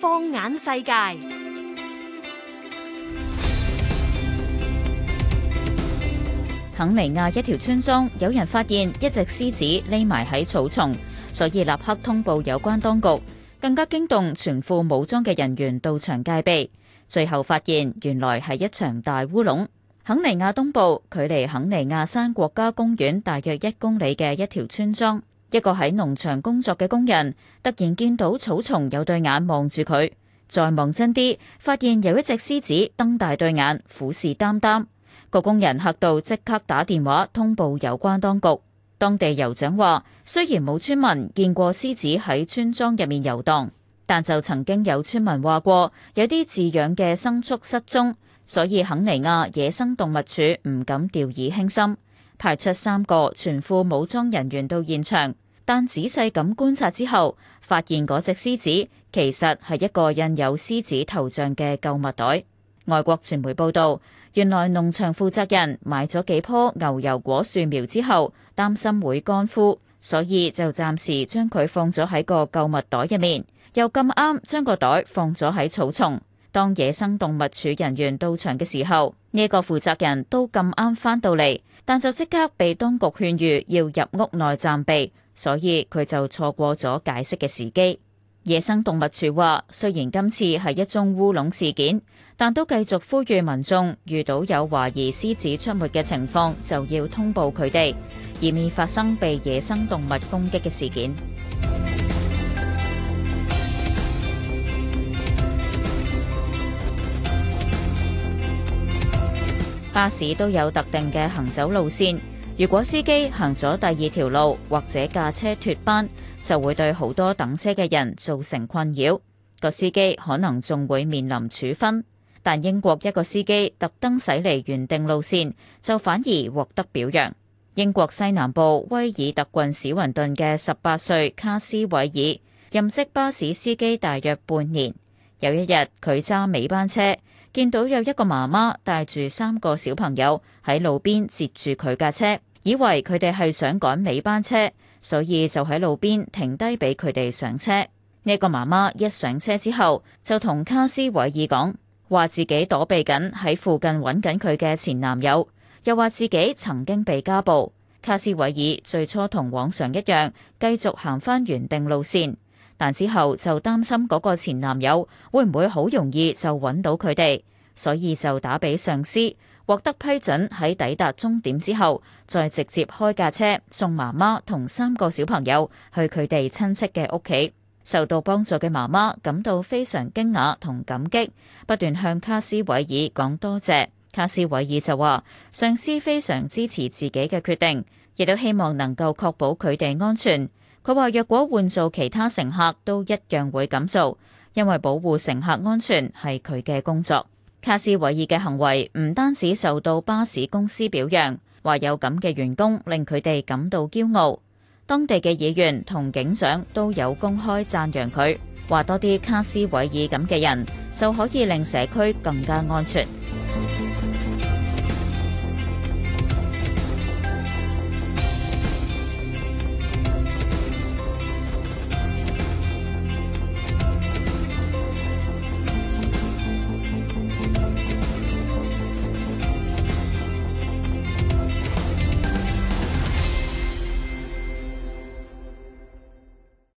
放眼世界，肯尼亞一條村莊有人發現一隻獅子匿埋喺草叢，所以立刻通報有關當局，更加驚動全副武裝嘅人員到場戒備。最後發現原來係一場大烏龍。肯尼亞東部，距離肯尼亞山國家公園大約一公里嘅一條村莊。一個喺農場工作嘅工人突然見到草叢有對眼望住佢，再望真啲，發現有一隻獅子瞪大對眼，虎視眈眈。個工人嚇到即刻打電話通報有關當局。當地酋長話：雖然冇村民見過獅子喺村莊入面遊蕩，但就曾經有村民話過有啲飼養嘅牲畜失蹤，所以肯尼亞野生動物處唔敢掉以輕心，派出三個全副武裝人員到現場。但仔細咁觀察之後，發現嗰隻獅子其實係一個印有獅子頭像嘅購物袋。外國傳媒報道，原來農場負責人買咗幾棵牛油果樹苗之後，擔心會乾枯，所以就暫時將佢放咗喺個購物袋入面。又咁啱將個袋放咗喺草叢。當野生動物處人員到場嘅時候，呢、這個負責人都咁啱返到嚟，但就即刻被當局勸喻要入屋內暫避。所以佢就錯過咗解釋嘅時機。野生動物處話，雖然今次係一宗烏龍事件，但都繼續呼籲民眾遇到有懷疑獅子出沒嘅情況，就要通報佢哋，以免發生被野生動物攻擊嘅事件。 巴士都有特定嘅行走路線。如果司機行咗第二條路或者駕車脫班，就會對好多等車嘅人造成困擾。個司機可能仲會面臨處分，但英國一個司機特登駛離原定路線，就反而獲得表揚。英國西南部威爾特郡史雲頓嘅十八歲卡斯韋爾，任職巴士司機大約半年。有一日，佢揸尾班車，見到有一個媽媽帶住三個小朋友喺路邊截住佢架車。以為佢哋係想趕尾班車，所以就喺路邊停低俾佢哋上車。呢個媽媽一上車之後，就同卡斯維爾講話自己躲避緊喺附近揾緊佢嘅前男友，又話自己曾經被家暴。卡斯維爾最初同往常一樣繼續行翻原定路線，但之後就擔心嗰個前男友會唔會好容易就揾到佢哋，所以就打俾上司。獲得批准喺抵達終點之後，再直接開架車送媽媽同三個小朋友去佢哋親戚嘅屋企。受到幫助嘅媽媽感到非常驚訝同感激，不斷向卡斯韋爾講多謝。卡斯韋爾就話，上司非常支持自己嘅決定，亦都希望能夠確保佢哋安全。佢話，若果換做其他乘客都一樣會咁做，因為保護乘客安全係佢嘅工作。卡斯維爾嘅行為唔單止受到巴士公司表揚，話有咁嘅員工令佢哋感到驕傲。當地嘅議員同警長都有公開讚揚佢，話多啲卡斯維爾咁嘅人就可以令社區更加安全。